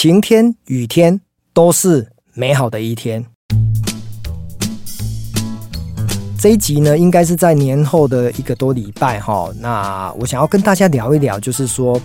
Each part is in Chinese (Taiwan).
晴天、雨天都是美好的一天。這一集呢，應該是在年後的一個多禮拜哈。那我想要跟大家聊一聊，就是說。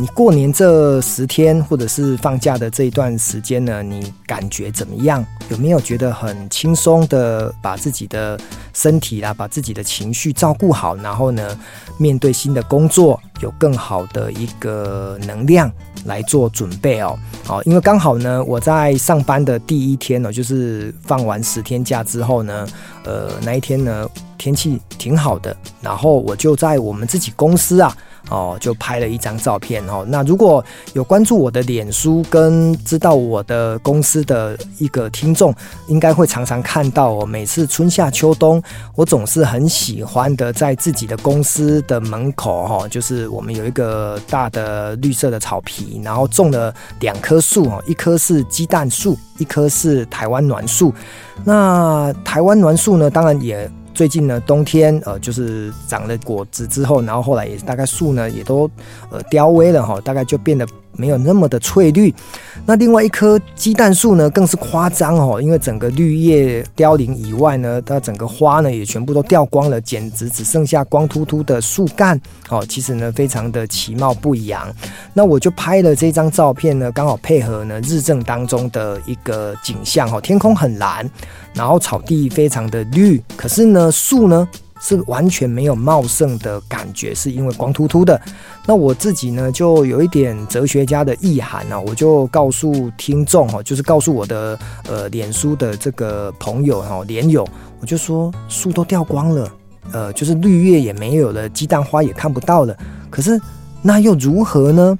你過年這十天，或者是放假的這一段時間呢，你感覺怎麼樣？有沒有覺得很輕鬆的把自己的身體啊、把自己的情緒照顧好，然後呢，面對新的工作有更好的一個能量來做準備哦？好，因為剛好呢，我在上班的第一天呢，就是放完十天假之後呢，呃，那一天呢，天氣挺好的，然後我就在我們自己公司啊。哦，就拍了一張照片哦。那如果有關注我的臉書跟知道我的公司的一個聽眾，應該會常常看到哦。每次春夏秋冬，我總是很喜歡的，在自己的公司的門口哈、哦，就是我們有一個大的綠色的草皮，然後種了兩棵樹哦，一棵是雞蛋樹，一棵是台灣欒樹。那台灣欒樹呢，當然也。最近呢，冬天呃，就是長了果子之後，然後後來也大概樹呢也都呃凋微萎了哈、哦，大概就變得沒有那麼的翠綠。那另外一棵雞蛋樹呢，更是誇張哦，因為整個綠葉凋零以外呢，它整個花呢也全部都掉光了，簡直只剩下光禿禿的樹幹哦。其實呢，非常的其貌不揚。那我就拍了這張照片呢，剛好配合呢日正當中的一個景象哦，天空很藍。然後草地非常的綠，可是呢，樹呢是完全沒有茂盛的感覺，是因為光禿禿的。那我自己呢就有一點哲學家的意涵呢，我就告訴聽眾哈，就是告訴我的呃臉書的這個朋友哈，臉友，我就說樹都掉光了，呃，就是綠葉也沒有了，雞蛋花也看不到了。可是那又如何呢？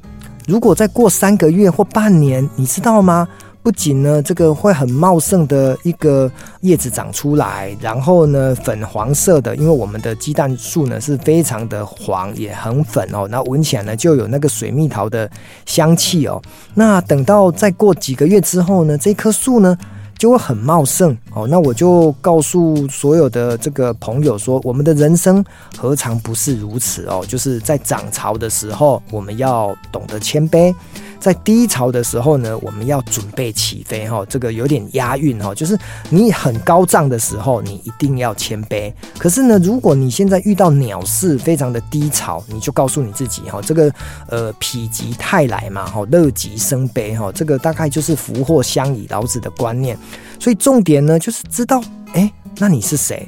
如果再過三個月或半年，你知道嗎？不僅呢，這個會很茂盛的一個葉子長出來，然後呢，粉黃色的，因為我們的雞蛋樹呢是非常的黃，也很粉哦。那聞起來呢就有那個水蜜桃的香氣哦。那等到再過幾個月之後呢，這棵樹呢就會很茂盛哦。那我就告訴所有的這個朋友說，我們的人生何嘗不是如此哦？就是在漲潮的時候，我們要懂得謙卑。在低潮的時候呢，我們要準備起飛哈。這個有點押韻哈，就是你很高漲的時候，你一定要謙卑。可是呢，如果你現在遇到鳥事非常的低潮，你就告訴你自己哈，這個呃否極泰來嘛，哈樂極生悲哈，這個大概就是福禍相倚老子的觀念。所以重點呢，就是知道哎，那你是誰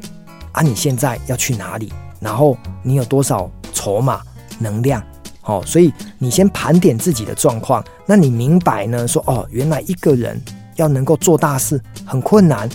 啊？你現在要去哪裡？然後你有多少籌碼能量？哦，所以你先盤點自己的狀況，那你明白呢？說哦，原來一個人要能夠做大事很困難，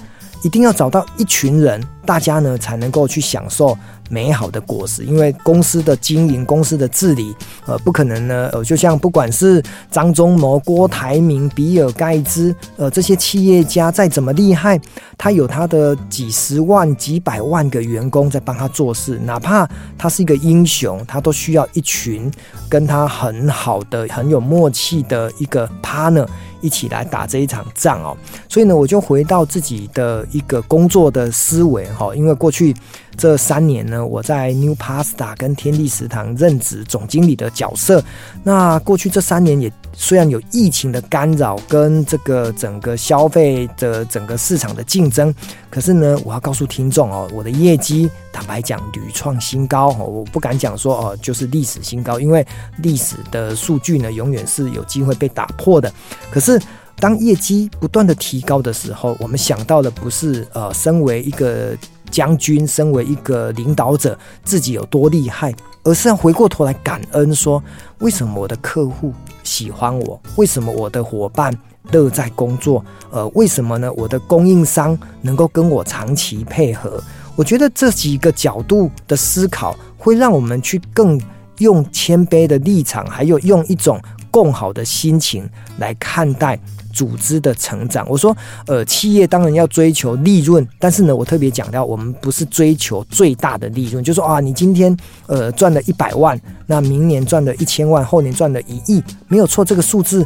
一定要找到一群人。大家呢才能夠去享受美好的果實，因為公司的經營、公司的治理，呃，不可能呢。呃，就像不管是張忠謀、郭台銘、比爾·蓋茨，呃，這些企業家再怎麼厲害，他有他的幾十萬、幾百萬個員工在幫他做事。哪怕他是一個英雄，他都需要一群跟他很好的、很有默契的一個 partner 一起來打這一場仗哦、喔。所以呢，我就回到自己的一個工作的思維。好，因為過去這三年呢，我在 New Pasta 跟天地食堂任職總經理的角色。那過去這三年也雖然有疫情的干擾跟這個整個消費的整個市場的競爭，可是呢，我要告訴聽眾哦，我的業績坦白講屢創新高哦，我不敢講說哦，就是歷史新高，因為歷史的數據呢永遠是有機會被打破的。可是。當業績不斷的提高的時候，我們想到的不是呃，身為一個將軍，身為一個領導者，自己有多厲害，而是要回過頭來感恩說，說為什麼我的客戶喜歡我，為什麼我的夥伴樂在工作，呃，為什麼呢？我的供應商能夠跟我長期配合？我覺得這幾個角度的思考，會讓我們去更用謙卑的立場，還有用一種更好的心情來看待。組織的成長，我說，呃，企業當然要追求利潤，但是呢，我特別講到，我們不是追求最大的利潤，就是說啊，你今天呃賺了一百萬，那明年賺了一千萬，後年賺了一億，沒有錯，這個數字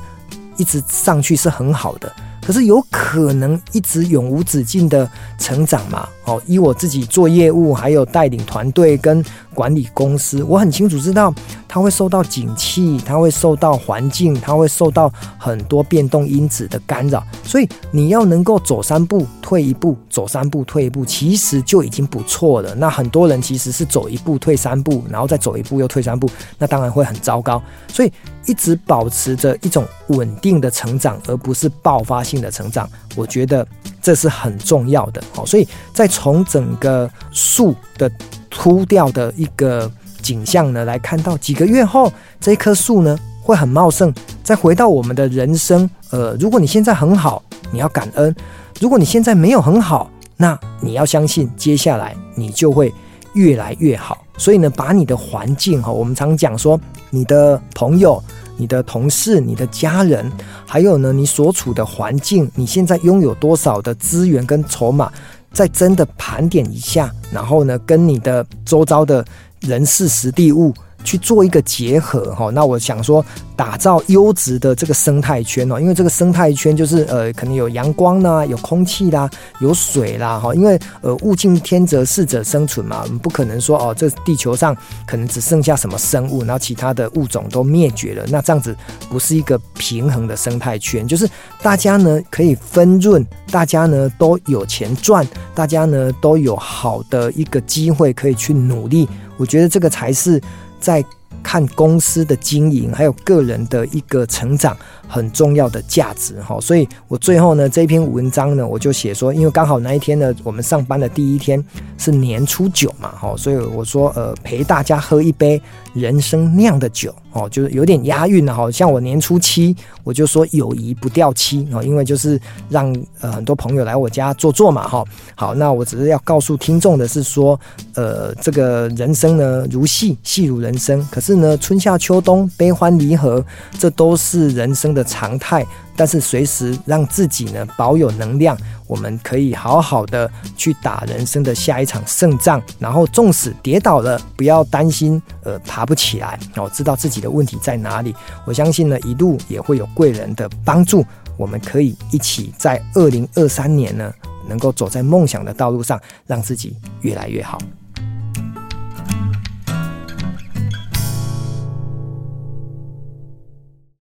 一直上去是很好的，可是有可能一直永無止境的成長嗎？哦，以我自己做業務，還有帶領團隊跟管理公司，我很清楚知道他，他會受到景氣，他會受到環境，他會受到很多變動因子的干擾。所以你要能夠走三步退一步，走三步退一步，其實就已經不錯了。那很多人其實是走一步退三步，然後再走一步又退三步，那當然會很糟糕。所以一直保持着一種穩定的成長，而不是爆發性的成長。我覺得這是很重要的，好，所以再從整個樹的禿掉的一個景象呢來看到，幾個月後這棵樹呢會很茂盛。再回到我們的人生，呃，如果你現在很好，你要感恩；如果你現在沒有很好，那你要相信，接下來你就會越來越好。所以呢，把你的環境哈，我們常講說，你的朋友。你的同事、你的家人，還有呢，你所處的環境，你現在擁有多少的資源跟籌碼，再真的盤點一下，然後呢，跟你的周遭的人、事、時、地、物。去做一個結合哈，那我想說，打造優質的這個生態圈哦，因為這個生態圈就是呃，可能有陽光啦，有空氣啦，有水啦哈，因為呃，物競天擇，適者生存嘛，我們不可能說哦，這地球上可能只剩下什麼生物，然後其他的物種都滅絕了，那這樣子不是一個平衡的生態圈，就是大家呢可以分潤，大家呢都有錢賺，大家呢都有好的一個機會可以去努力，我覺得這個才是。在看公司的經營，還有個人的一個成長，很重要的價值哈，所以我最後呢這篇文章呢，我就寫說，因為剛好那一天呢，我們上班的第一天是年初九嘛哈，所以我說呃陪大家喝一杯人生釀的酒哦，就是有點押韻的哈，像我年初七我就說友誼不掉漆哦，因為就是讓呃很多朋友來我家坐坐嘛哈。好，那我只是要告訴聽眾的是說，呃，這個人生呢如戲，戲如人生，可是呢春夏秋冬悲歡離合，這都是人生的。的常態，但是隨時讓自己呢保有能量，我們可以好好的去打人生的下一場勝仗，然後縱使跌倒了，不要擔心呃爬不起來，哦，知道自己的問題在哪裡，我相信呢一路也會有貴人的幫助，我們可以一起在二零二三年呢能夠走在夢想的道路上，讓自己越來越好。